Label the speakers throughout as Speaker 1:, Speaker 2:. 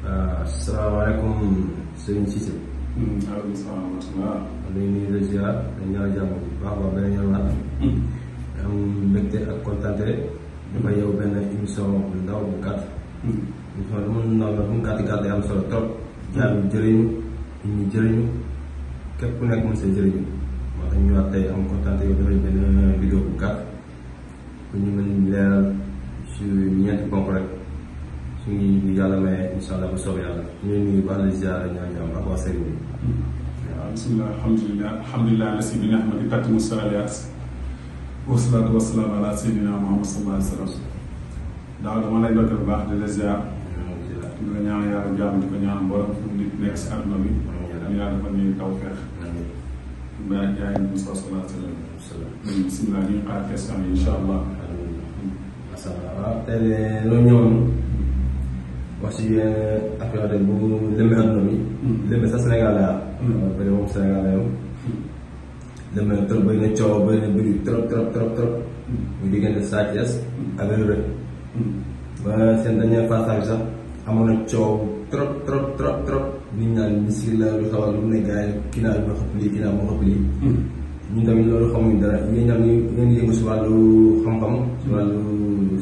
Speaker 1: Uh, assalamualaikum alaikum Sëriñ Cissé. aleykum salaam wa rahmatulah. ñu ngi nuyu di yang dañu ñaan jàmm bu baax waa beneen yoon la. am mbégte ak kontante dafa yow benn émission bu ndaw bu gàtt. émission lu mu ndaw la bu mu gàtt gàtt am solo trop. jaam jëriñ ñu jëriñ képp ku
Speaker 2: community ga lamɛn inshallah kosɛbɛ yala community b'ale ziara ɲaɲa a b'a se o. bisimilah alhamdulilah alhamdulilah ala sebi na ahmadu kati musa aliyat wasalatu wasalam ala sebi na muhammad sallallahu alaihi wasallam daaw dama lay bëgg baax di la ziar di ko ñaan yàlla jàmm di ko ñaan borom fu nit nekk si àdduna bi am yàlla fa ñuy taw feex mbaa jaay musa sallallahu alaihi wasallam bisimilah ñu xaar question yi inshallah. macha allah tey loo ñëwoon
Speaker 1: Parce que après le bon le meilleur nomi le meilleur sénégalais par exemple sénégalais le meilleur trop ben ciow ben bri trop trop trop trop muy digënté sa ties ak rek ba sen dernier passage sax amona ciow trop trop trop trop nit lu xawal lu ne gaay ki na ma xop li ki na ma xop li ñun tamit loolu xamuñ dara ñi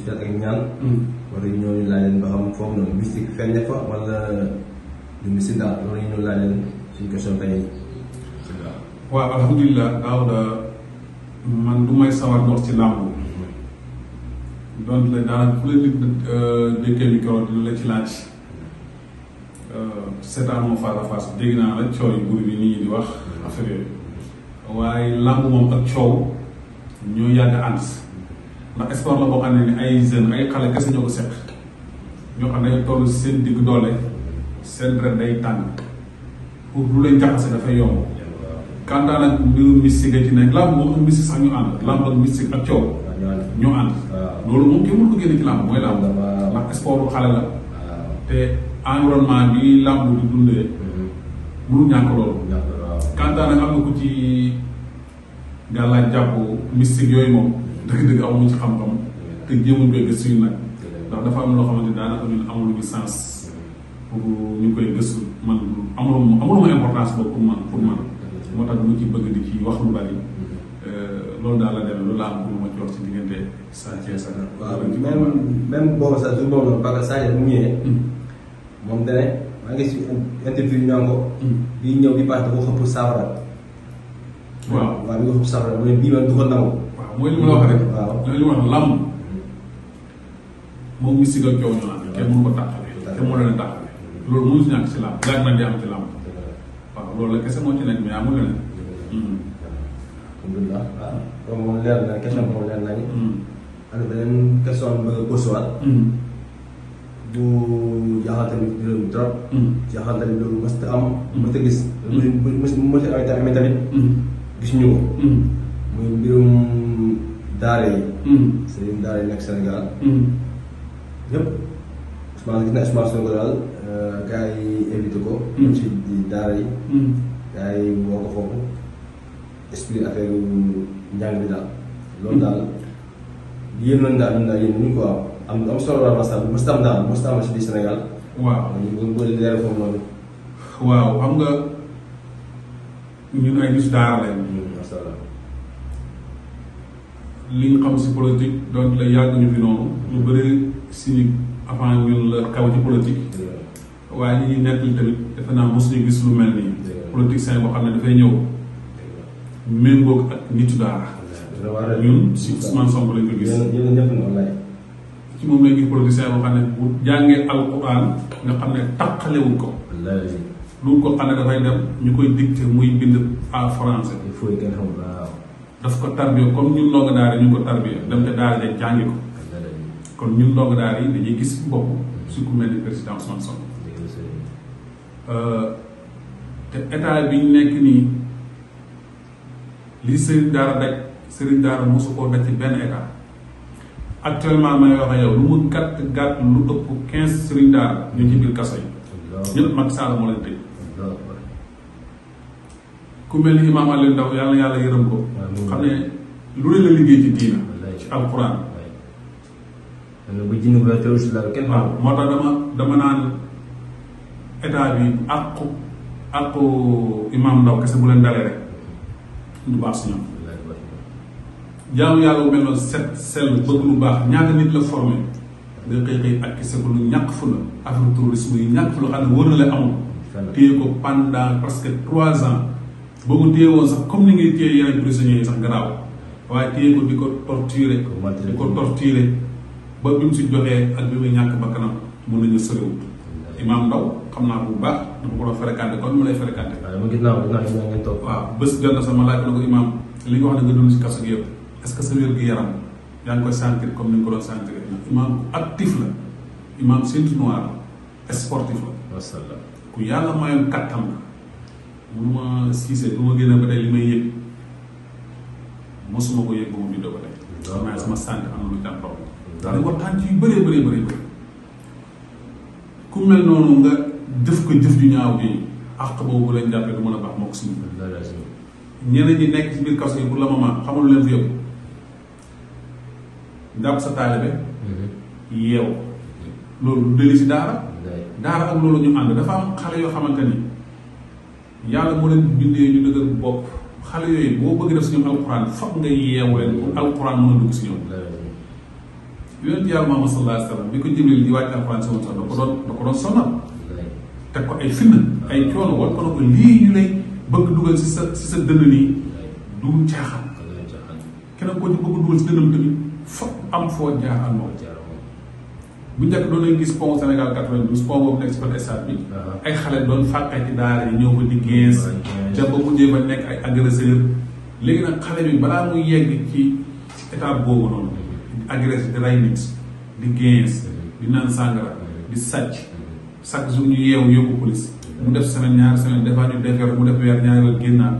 Speaker 1: jiital ak ñaan. Mm. wala ñooñu laaj leen ba xam foofu noonu mystique feeñ na fa wala lu mystique daal loolu ñu laaj leen suñu question tey.
Speaker 2: waaw alhamdulilah Daouda man du may sawar dox ci làmb donc la daal ku la nit dëkkee micro dina la ci laaj euh, seetaan moom face à face dégg naa wax moom ak coow ñoo yàgg ànd ndax sport la boo xam ne ay jeune ay xale kese ñoo ko seq ñoo xam ne toll seen digg doole seen ren day tàng pour lu leen jaxase dafay yomb kanda nak mbiru mystique ci nek lamb mo mystique sax ñu and lamb ak mystique ak ciow ñu and lolu mom ke mul ko gene ci lamb moy lamb ndax sport xalé la té environnement bi lamb di dundé mu ñak lolu kanda nak am ko ci galla japp mystique yoy mom dëgg-dëgg amuñu ci xam-xam te jéemuñ koy gëstu nag ndax dafa am loo xamante daanaka ñun amuluñu sens pour ñu koy gëstu man amuluma amuluma importance boobu pour man pour man moo tax mu ci bëgg di ci wax lu bari euh, loolu daal la dem loolu laa am pour ma ci wax ci diggante Sa Thiès ak waaw même
Speaker 1: même boobu sax suñu boobu parce que Sa Thiès bu ñëwee hmm. moom dane maa ngi si interview ñoo hmm. di ñëw di baax dafa
Speaker 2: xëpp saafara waaw waaw di ko xëpp saafara mu ne bii man du ko mooy li ma la wax rek. waaw li ma wax làmb moom mystique ak coow ñu naan kenn mënu ko tàqale te moo leen tàqale loolu mënu si ñàkk si làmb laaj nag di am ci làmb waaw loolu la kese moo ci nekk mais amul leneen. alhamdulilah waaw donc moom leer na question boobu
Speaker 1: leer nañu. am na beneen question bu dari mm. dari next Senegal mm. yep smal nak smal Senegal evito ko ci di dari hmm. kay woko fofu esprit affaire njang bi dal hmm. dal Dia nañ dal na yeen ñu ko am am solo mustam dal mustam masih di
Speaker 2: Senegal Wow. Ini bu bu leer fofu non waaw xam nga lañ li ñu xam si politique donc la yàgg ñu fi noonu lu bëri si avant ñun la kaw ci politique waaye ñi ñuy nekkul tamit defe naa mos ñu gis lu mel nii politicien boo xam ne dafay ñëw méngoog ak nitu daara ñun si Ousmane Sonko lañ xam ne bu jàngee alquran nga xam ne taqalewul ko lu ko xam ne dafay dem ñu koy dicté muy bind à français daf ko tarbiya comme ñun ndongo daara ñu ngi ko tarbiya dem te daara dañ jàngi ko kon ñun ndongo yi dañuy gis bopp su ku mel ni président Ousmane Sonko euh, te état bi ñu nekk nii li sëriñ daara daj mosu koo daj ci benn état actuellement may wax ak lu mu gàtt gàtt lu ëpp quinze sëriñ ñu ci biir kaso yi ñëpp Macky Sall moo leen tëj ku mel ni imaam Alioune Ndao yàlla yërëm ko. xam ne lu ne la liggéey ci diina. ci alquran. moo tax dama dama naan état bi àqu àqu imaam Ndao kese bu leen dalee rek du baax si ñoom. jaamu yàlla bu mel noonu set sell bëgg lu baax ñaata nit la formé nga xëy xëy ak kese ko lu ñàkk fu la affaire tourisme yi ñàkk fu la xam ne wër na la amul. téye ko pendant presque trois ans. boo ko téye woon sax comme ni ngay téye yeneen prisonniers yi sax garaaw waaye téye ko di ko di ko ba bi mu si joxee ak bi muy ñàkk bakkanam mun nañu soriwut imam ndaw xam naa bu baax dama ko doon fréquenté kon mu lay fréquenté dama gis naa dinaa gis naa ngeen toog waaw bés jot na sama laaj ko imam li nga wax ne nga dund si kaso gi yëpp est ce que sa wér gi yaram yaa ngi koy sentir comme ni nga ko doon sentir imam actif la imam séntu sportif la ku yàlla mayoon kattan la mënu ma siisee bu ma génne ba tey li may yëg mosuma ko yëg ba mu juddoo ba tey. waaw waaw sama sant am na lu tam problème. daal waxtaan ko jëf ju ñaaw bi àq boobu lañ jàppee du mën a baax moo ko suñu. nekk ci biir kaso yi pour le moment xamul leen fi yëpp jàpp sa taalibe. Mhm. yeew loolu lu dellu si daara. daara ak loolu ñu ànd dafa xale yoo xamante ni. yàlla moo leen bindee ñu dëgër bopp xale yooyu boo bëgg def si ñoom alquran foog nga yeewu leen pour alquran mën a dugg si ñoom yonent yàlla Muhammad sallallahu alayhi wa sallam bi ko Jibril di wàcc alquran si moom sax da ko doon da ko doon sonal teg ko ay fitna ay coono wal ko na ko lii ñu lay bëgg dugal si sa si sa dënn nii du caaxaan keneen koo ci bëgg dugal si dënnam tamit foog am foo jaaxal moom bu njëkk doon nañ gis pont Sénégal 92 pont boobu bi. ay xale doon fàqee ci daara yi ñëw ba di gens. dem ba mujjee ba nekk ay agresseur léegi nag xale bi balaa mu yegg ci étape boobu noonu. agressé di rey nit di gens di naan sàngara di sàcc chaque jour ñu yeewu yóbbu police. mu def semaine ñaari semaine dafaa ñu defar mu def weer ñaari weer génnaat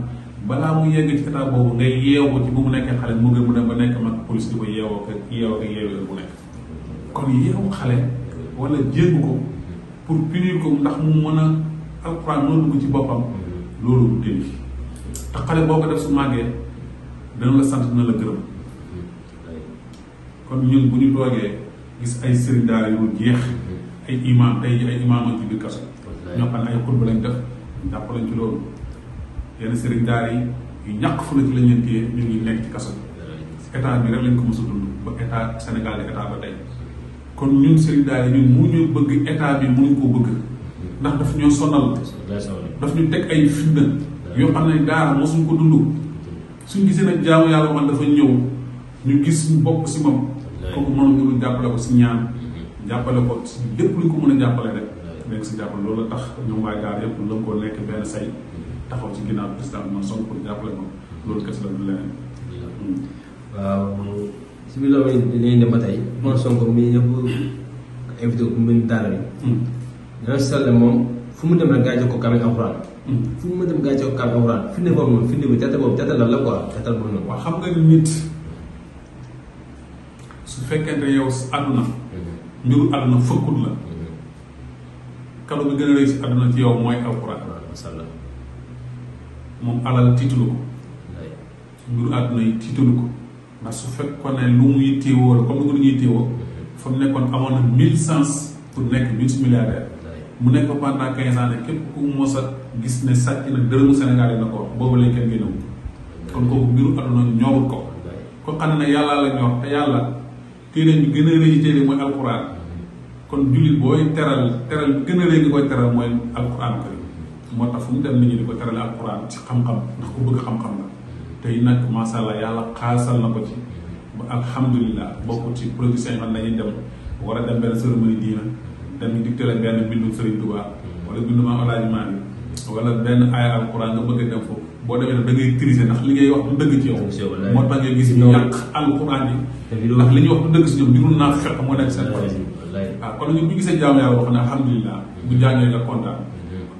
Speaker 2: balaa mu yegg ci état boobu ngay yeewoo ci bu mu nekkee xale mu gën mu dem ba nekk mag police di ko yeewoo ak yeewoo kon yéexu xale wala jéegu ko pour punir ko ndax mu mën a alxuraan mën a ci boppam loolu déli te xale boo ko def su màggee dana la sant dina la gërëm kon ñun bu ñu toogee gis ay sëriñ daara yu jeex ay imaam tey ay imaam ak ci biir kaso ñoo xam ne ay xutba lañ def jàpp lañ ci loolu yenn sëriñ daara yi yu ñàkk fu la ci lañ ñu ngi nekk ci kaso état bi rek lañ ko mos a dund ba état Sénégal di état ba tey kon ñun sëriñ daara ñun mu ñu bëgg état bi mënuñ ko bëgg ndax daf ñu sonal daf ñu teg ay fitna yoo xam ne daara mosuñ ko dund suñ gisee nag jaamu yàlla man dafa ñëw ñu gis ñu bokk si moom kooku mënuñu lu jàppale ko si ñaan jàppale ko si lépp lu ko mën a jàppale rek nekk si jàppale loolu tax ñu waay daara yëpp lëng koo nekk benn say taxaw ci ginnaaw président man son pour jàppale moom loolu kese la du leneen
Speaker 1: si biir loolu li ñu dem ba tey. moom Sonko mi ñëpp invité ko mu daara bi. Hmm. dana sell moom fu mu dem rek gaa jox ko ko kaamil alxuraan
Speaker 2: xam nga nit su fekkente yow àdduna. Hmm. mbiru àdduna fëkkul la. Hmm. kàddu bi gën a rëy si àdduna ci yow mooy alxuraan. moom alal tiitalu ko. mbiru àdduna yi tiitalu ko. ndax su fekkoon ne lu mu yittewoo la comme ni ko ni ñuy yittewoo fa mu nekkoon amoon na mille sens pour nekk multimilliardaire mu ne képp ku a gis ne sàcc na dërëmu ko wax boobu lañ ko ko xam ne la ñor gën a rëy téere mooy alquran kon jullit booy teral teral gën a rëy nga koy teral mooy alquran kër moo tax fu mu dem nit ñi di ko terale alquran ci xam-xam ndax ku bëgg xam-xam la tey nag macha allah yàlla xaasal na ko ci ba alhamdulilah bokk ci producteurs yi man dañuy dem war a dem benn cérémonie diina dem dictale benn bindum Serigne Touba wala binduma Alaaji Maalik wala benn aaya alquran nga bëgg a dem foofu boo demee nag da ngay triser ndax li ngay wax dëgg ci yow. moo tax ngay gis ñu yi. ndax li ñuy wax du si ñoom di naa xel moo nekk seen xol. waaw kon ñun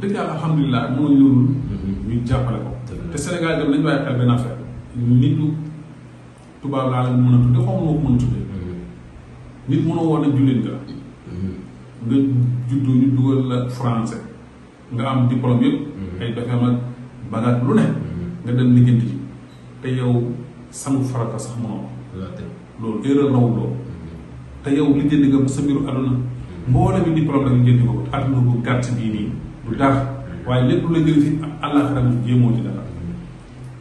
Speaker 2: mm-hmm. mm-hmm. ñu jàppale ko. te sénégal dem nañ bàyyi xel benn affaire nit lu tubaab laa la mën a tudde xaw ma ko mën a tudde nit mënoo woon a jullit nga nga juddu ñu dugal la français nga am diplôme yëpp ay defee ma bagaat lu ne nga dem liggéenti ji te yow sangu farata sax mënoo loolu erreur rawu loolu te yow liggéenti nga ba sa mbiru aduna mboolem yi diplôme la ngeen di ko aduna bu gàtt bii nii du dara waaye lépp lu la jël ci àllaaxira mu jéemoo ci dara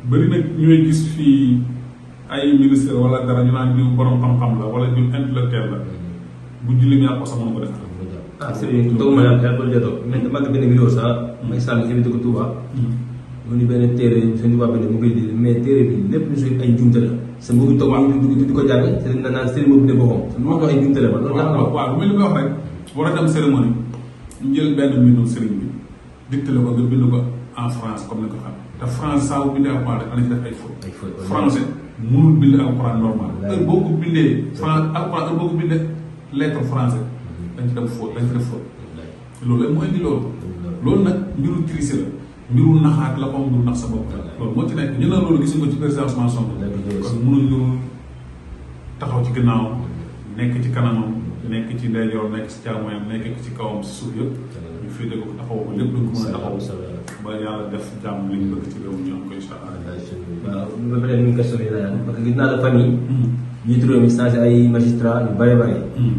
Speaker 2: bari nag ñooy gis fii ay ministre wala dara ñu naan diw borom xam-xam la wala diw intellectuel la bu julli mi ak sax mënu ko def ah sëriñ doo ma yàlla ko jotoo mais mag benn vidéo sax may sànni invité ko Touba mu ni benn
Speaker 1: téere sëñ Touba bi mu koy di mais téere bi lépp lu suñ ay jumte la sa mbokk toog am di di ko jàng
Speaker 2: sëriñ na naan sëriñ boobu ne boppam lu ma ko ay jumte la ba loolu waaw waaw lu wax rek war dem cérémonie ñu jël benn mbindum sëriñ bi dicté ko nga bind ko en France comme ni ko xam te France saa bu bindee alxuraan dafa def ay fautes. français mënul bind alxuraan normal. heure boo ko bindee France alxuraan heure boo ko bindee lettre français mhm. dañ ci def faute dañ ci loolu rek moo indi loolu. loolu nag mbiru triche la mbiru naxaat la ko am nax sa bopp. loolu moo ci nekk ñu ne loolu gis ci président Ousmane Sonko. kon taxaw ci ginnaaw nekk ci kanamam nekk ci ndeyjoor nekk ci càmmoñam nekk ci kawam si suuf yëpp ñu féete ko taxawoo ko ba yàlla def jàmm liñ bëgg ci réew mi ñu am ko incha allah. waaw bu ma fa une
Speaker 1: question yi la parce que gis naa la fan yii. Hmm. njiitu réew mi changé ay magistrat yu bëri bëri. Hmm.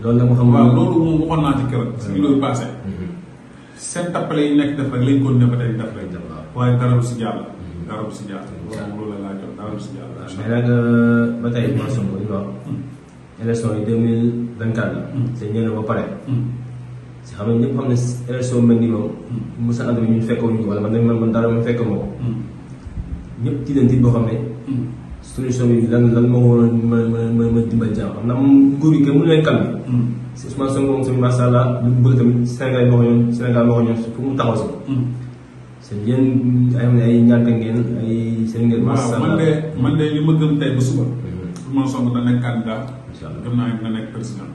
Speaker 1: loolu la nga xam. waaw loolu
Speaker 2: moom waxoon naa ci keroog. parce que loolu passé. Hmm. seen tappale yi nekk def rek lañ ko ne ba tey def rek. waaye dara si jàll. dara si jàll. loolu la laa jot dara si jàll. mais nag euh, ba tey émission
Speaker 1: bi ñu wax. élection yi deux mille vingt quatre la. te ñëw na ba pare. xam nga ñëpp xam ne élection mel ni moom Moussa André ñu fekkoon ñu wala man dañ man man dara man fekk moom ñëpp ci leen tiit boo xam solution bi lan lan moo war a mën a dimbal jaam nguur si Ousmane Sonko moom tamit macha lu bëgg tamit Sénégal moo ko Sénégal moo ko fu mu taxaw si seen yéen ay ay ñàkk ngeen ay seen ngeen macha man de man de li
Speaker 2: ma gëm tey ba suba Ousmane Sonko da nekk candidat gëm président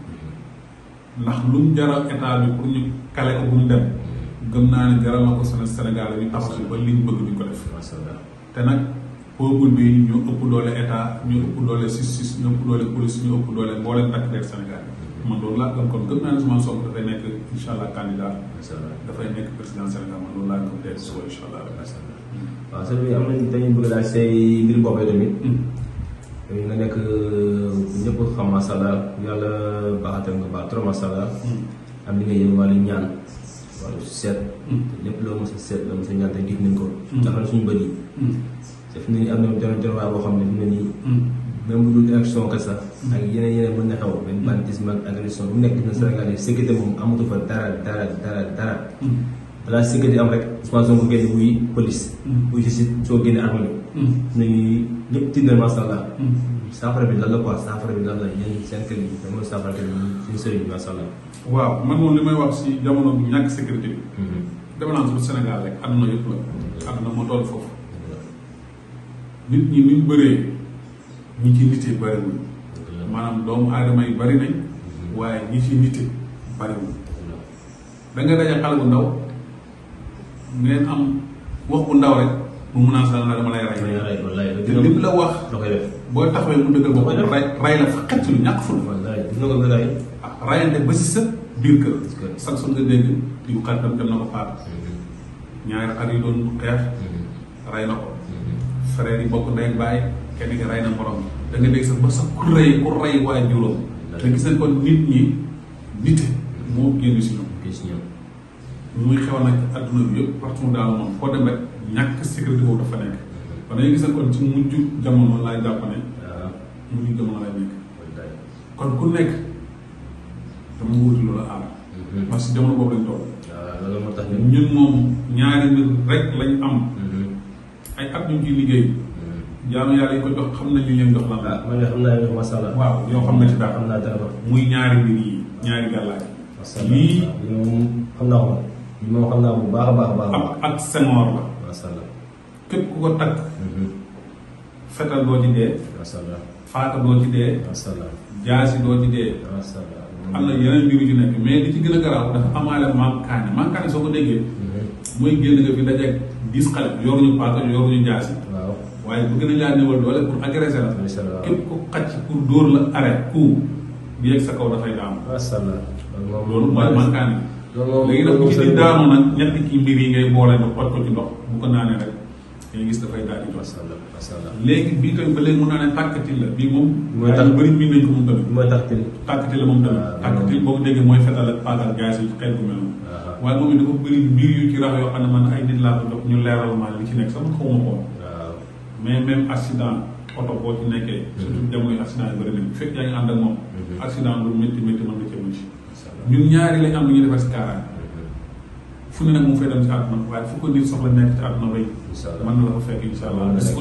Speaker 2: ndax lu mu jaral état bi pour ñu kale ko bu mu dem gëm naa ne jaral na ko seen Sénégal bi ba ñu bëgg duñ ko def. te nag peuple bi ñu ëpp doole état ñu ëpp doole justice ñu ëpp doole police ñu ëpp doole mbooleem man loolu laa gëm kon gëm naa ne Ousmane Sonko dafay nekk incha allah candidat. dafay nekk président Sénégal man
Speaker 1: bi bëgg laaj say mbir bopp yi tamit. Hmm. nga nekk ñëpp xam masala yàlla baaxatal nga baax trop masala am li nga yëg wàllu ñaan wàllu seet lépp loo mos a seet loo mos a ñaan te gis nañ ko taxal suñu bëri daf ne am na mu jafe-jafe boo xam ne fi mu ne nii même bu dul élection ka sax ak yeneen yeneen mën na xew benn banditisme ak agression bu nekk na Sénégal yi sécurité moom amatu fa dara dara dara dara Hmm. Hmm. Hmm. la si gën di am rek Ousmane Sonko génn wuy police wuy justice soo génne armée bi ñu ñëpp tiit na macha allah saafara bi lan la quoi saafara bi lan la yéen seen kër yi dama saafara kër yi suñu sëriñ bi macha allah waaw man
Speaker 2: moom li may wax si jamono bu ñàkk sécurité bi dama naan su Sénégal rek àdduna yëpp la àdduna moo toll foofu nit ñi ni bëree ñi ci nitee bëriwul maanaam doomu aadama yi nañ waaye ñi ci nite bëriwul da nga bu ndaw ngeen am wax bu ndaw rek mu mun a sal na dama lay rey lim la wax boo taxawee mu dëggal bopp ray ray la fa xëcc lu ñàkk ful ah rayante ba si sa biir kër sax su nga dégg diw xaritam dem ko faat ñaari xar doon xeex ray na ko frère yi bokk ndey bàyyi kenn ki ray na morom da nga dégg sax ba sax ku rey ku rey waaye juróom te gis nañ kon nit ñi nite moo génn si ñoom muy xew nag adduna bi yëpp partout daal moom foo dem ñàkk sécurité boobu dafa nekk kon dañuy gis ne kon ci mujj jamono laay jàpp ne mujj jamono lay nekk kon ku nekk dama wuti loolu mhm. que jamono boobu lañ toll ñun am mhm. mhm. ko xam nañ li leen jox lan la. Ah, na ci muy ñaari mbir yi ñaari gàllaay. macha allah lii li ma waxoon bu baax baax baax. ak ak la. ku ko mm-hmm. fetal doo ci dee. faata doo ci dee. jaasi doo ci dee. allah yeneen mbir yu ci mais li ci gën a dafa amaale maam kaane maam kaane soo ko déggee. Mm-hmm. mooy nga fi dajeeg dix xale yor ñu paata yor ñu jaasi. waaw bu doole pour agresser la. xacc pour la arrêt ku bi sa kaw daam. léegi nag léegi bii tamit ba léegi mun naa ne tàkkati la moom. mooy la tàkkati la moom tamit. Ah. tàkkati boo ko déggee mooy fetal ak paagal ah. mais même accident oto boo ci nekkee. Mm-hmm. surtout jamono accident yi bëri nañ bu fekk yaa ngi ànd ak moom. Mm-hmm. accident lu métti métti mën nga cee ñun ñaari lañ am lu ñuy defar si kaaraange fu ne mu fay dem ci àdduna waaye fu ko nit soxla nekk ci àdduna bay mën na la ko fekk incha allah bés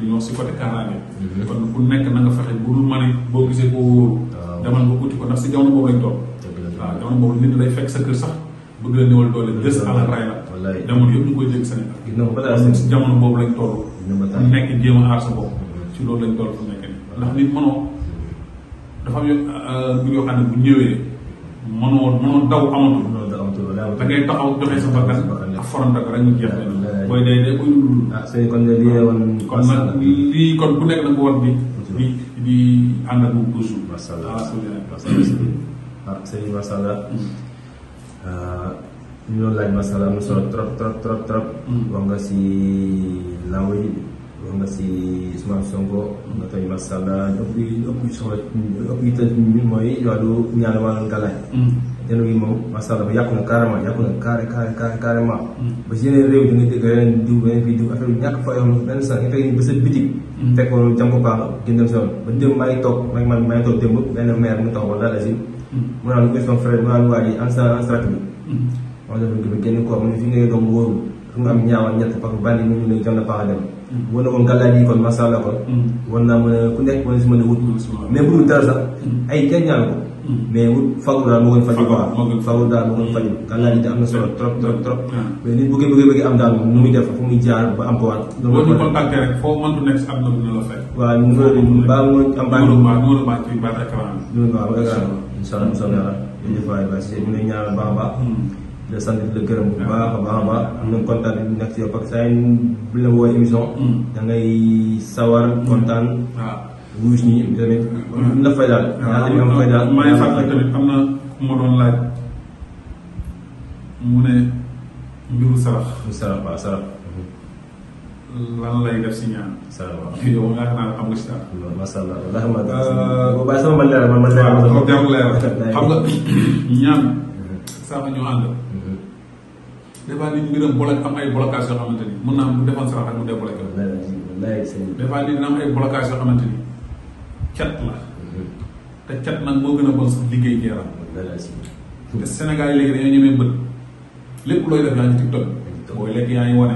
Speaker 2: bu si côté kaaraange mhm. nga boo gisee koo wóoru demal si jamono boobu lañ toog sa kër sax bëgg la néewal doole des àla la nekk jéem a sa bopp mhm. ci loolu lañ toll fu nekk ni ndax nit mënoo dafa am euh, mbir yoo xam ne bu ñëwee mënoo mënoo daw amatul da ngay taxaw joxe sa bakkan ak forom dak rek ñu jeex leen booy day day buy sey kon nga liyee woon kon nag lii kon ku nekk da nga war di di di ànd ak moom toujours masala sëñ masala ñu loolu laaj masala mu solo trop trop
Speaker 1: trop trop hmm. wax nga si law yi nga si Ousmane Sonko nga tey Macky Sall ëpp yi ëpp yi soxla ëpp yi tëj ñun mooy wàllu ñaan wàllu ngalaay yéen gi moom Macky Sall ba yàqu na carrément yàqu na carré carré carré carrément ba si yeneen réew da nga dégg yeneen diw yeneen fii diw affaire yu ñàkk fa yoon benn sa nga fekk ba sa bitig fekk jam ko paaka gën dem soon ba démb maa ngi toog maa ngi man maa ngi toog démb benn maire mu taw wala la si mu naan dem war na ko ngalaaj yi kon macha allah kon. naa mm. mën a ku nekk war si mën a wut. mais bu dul dara mm. mm. am na solo muy def fu muy jaar ba am ko waat. loolu
Speaker 2: foo na lu ñu la fay. waaw
Speaker 1: ñu mu am. baa mu mu baa ci baax baax. de sant di la gërëm bu baax a baax a baax am nañ kontaan di nekk si yow parce que saa la wooy émission da ngay sawar kontaan
Speaker 2: wuus ñi tamit am na fay daal yaa tamit am fay daal maa ngi fàttali tamit am na ku ma doon laaj mu ne mbiru sarax sarax sarax lan lay def si ñaan sarax yow nga xam naa xam nga si allah wala xam bàyyi sama man leer man man leer xam nga ñaan des fois nit mbiram bloc am ay blocage yoo xamante ni mun naa mu defal mu débloqué des fois na ay blocage yoo xamante ni cat la mm-hmm. te cat nag moo gën a bon sax liggéey ci te Sénégal yi léegi dañoo ñemee bët lépp looy def yaa ngi TikTok booy lekk yaa ngi wane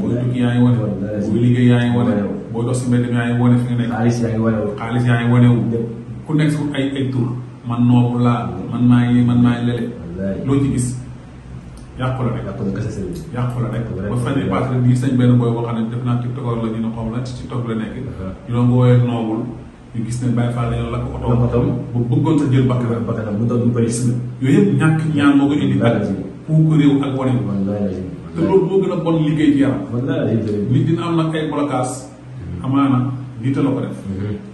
Speaker 2: booy ngi wane booy liggéey yaa ngi dox si mbedd yaa ngi wane fi nekk xaalis yaa ngi wanewu ku nekk su ay ay tur man noobu laa man maa ngi man maa ngi lele loo ci gis yàqu rek yàqu kese sëriñ yàqu la rek ba fan yi baax rek gis nañ benn booy boo xam ne def naa tiktok la ñu ne la tiktok la nekk ñu doon ko woowee noobul ñu gis ne Baye Fall dañoo lakk oto oto bu bëggoon sa jël bakkanam bakkanam bu doon police yooyu yëpp ñàkk ñaan moo ko indi ak pour ko réew ak wane te loolu moo gën a bon liggéey ci yaram nit dina am nag ay amaana nit la ko def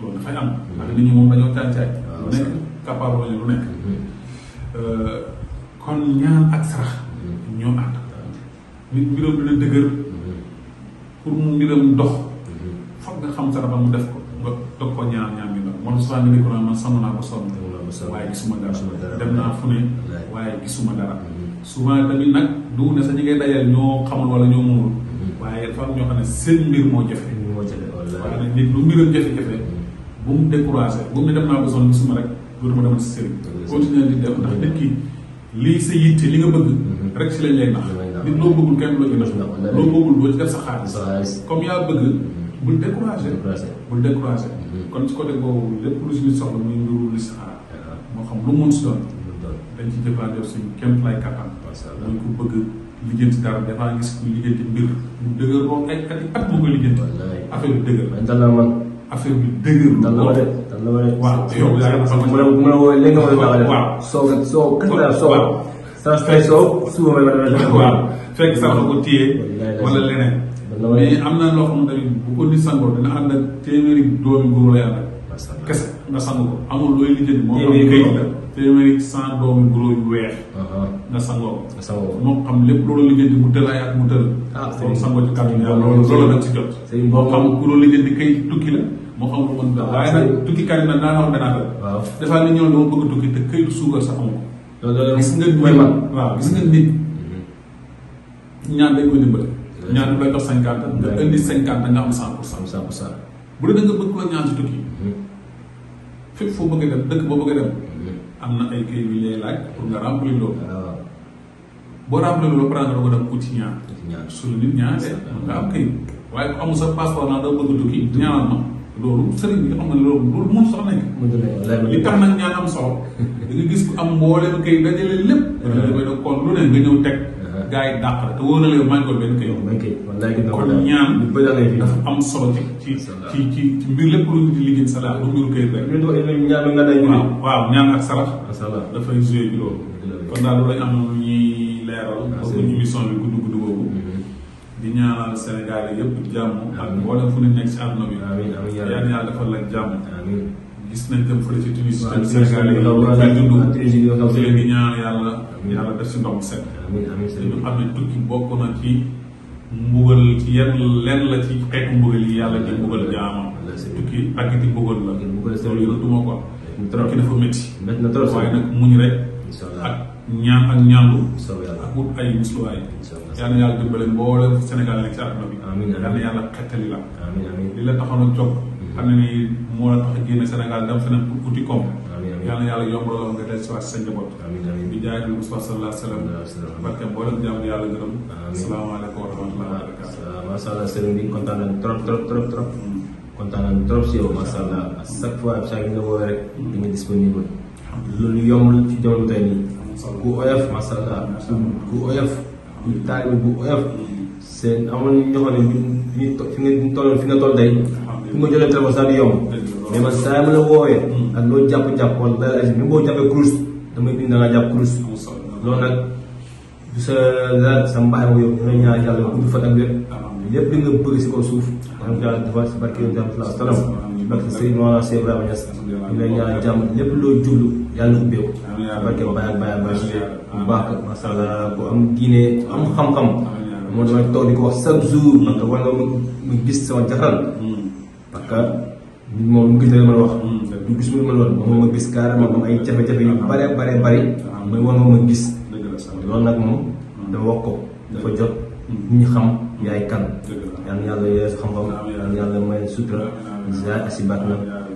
Speaker 2: loolu dafay am nit ñi moom dañoo lu nekk lu nekk kon ñaan ak sarax ñoo ànd nit mbiram dina dëgër pour mu mbiram dox foog nga xam sa ba mu def ko nga dog ko ñaar ñaar mi nag moom souvent nga ne ko naa man sàmm naa waaye gisuma dara dem naa fu ne mm-hmm. sa ñi ngay dajal ñoo xamul wala ñoo mënul mm-hmm. waaye ñoo xam ne seen mbir moo jafe waaye nag nit lu mbiram jafe-jafe mm-hmm. bu mu découragé bu mu naa ko def ndax nit ki sa yitte li nga bëgg rek si lañ lay nax nit loo bëggul kenn loo ci nax loo bëggul doo ci def sa xaalis comme yaa bëgg bul découragé bul découragé mm-hmm. kon ci côté boobu lépp lu si nit soxla muy mbiru listixaar moo xam lu mun si doon dañ ci jëfandikoo suñu kéem lay kattan muy ku bëgg liggéenti dara dafaa gis ku liggéenti mbir mu dëgër boo ay at yi at mu bi dëgër dal la man affaire bi dëgër dal waaw yow yaa ngi mu soo kër sa fekk suba wala waaw fekk sax na ko téye wala leneen. mais am na loo xamante ni bu ko nit sangoo dina ànd ak téeméeri doomi góor lay ànd ak. kese nga sang ko amul looy lijjanti moo weex. Uh-huh. nga sangoo ko. moo xam lépp mu tël ay at mu tël. ah loolu sangoo ci kàddu yàlla loolu loolu la ci jot. moo xam ku doon lijjanti këyit tukki la. moo xam lu ah, waaye nag tukki kaay na daanaka benn affaire. waaw des fois nit ñëw dama bëgg tukki te këyit suukar sax amu loolu gis nga mooy wat waaw gis nga nit ñaan dañ ko dimbal ñaan bu lay dox cinquante nga indi cinquante nga am cent pour cent cent pour cent bu dee da nga bëgg ko ñaan ci tukki fépp foo bëgg a dem dëkk prendre ko dem uti ñaan loolu sëriñ bi nga xam ne loolu loolu moom sax nañ li tax nag ñaan am solo da nga gis ku am mbooleem kay dajale lépp da kon lu ne nga ñëw teg uh-huh. gaa yi ñaan ci ak salaat dafay joué bi loolu kon daal loolu lañ am lu ñuy leeral ah, parce que émission bi gudd gudd boobu mm-hmm. di ñaanal Sénégal yëpp jàmm ak mboolem fu ñu nekk si àdduna bi yàlla yàlla defal leen jàmm gis nañ dem fële ci Tunis tam Sénégal yi si ndox mu set yenn lenn la ci xeetu mbugal yi yàlla di mbugal jaamam tukki ak di mbugal la loolu yëpp duma ko trop ki dafa métti waaye nag rek ak ñaan ak ñaanlu ak wut ay musluwaay yal na yàlla dimbale mboolem Sénégal nekk ci yal na yàlla xettali la li la taxoon a jóg mhm. xam ne ni moo la tax a génn yàlla yomb la nga des waat sa njaboot bi jaay bi Mustafa sallallahu alayhi wa barke mboolem yàlla gërëm asalaamaaleykum wa rahmatullahi wa barakatuh macha allah sëriñ bi kontaan trop trop trop trop mm.
Speaker 1: trop si yow macha allah chaque fois nga woowee rek mm. di nga disponible loolu yombul ci jamono tey nii ku oyof macha allah bu oyof seen amoon ñoo xam ne ñu fi nga toll fi nga toll tey fi nga jëlee téléphone sax di yomb mais man saa ma la woowee mm. ak loolu jàpp-jàpp wala dara même boo jàppee kurus damay bind da jàpp kurus loolu nag du sa dara sa mbaax yow yow nga ñaan yàlla gudd fan ak wér lépp li nga bëgg si kaw suuf alhamdulilah dafa si barke yow jàpp salaam barke sëriñ Mawla Cheikh Ibrahima Niass ñu lay ñaan jàmm lépp loo jublu yàlla ubbeeku barke baay ak baay baay bu baax masha Allah bu am diine am xam-xam moo damay toog di ko wax chaque jour parce que war nga mu gis sama jaxal parce que moom mu gis la ma wax du gis mu ma loon moom ma gis carrément moom ay jafe-jafe yu bare bare bari mooy war ma gis loolu nag moom dama wax ko dafa jot ñu xam yaay kan yàlla yàlla yooyu xam-xam yàlla may sutura za si baat na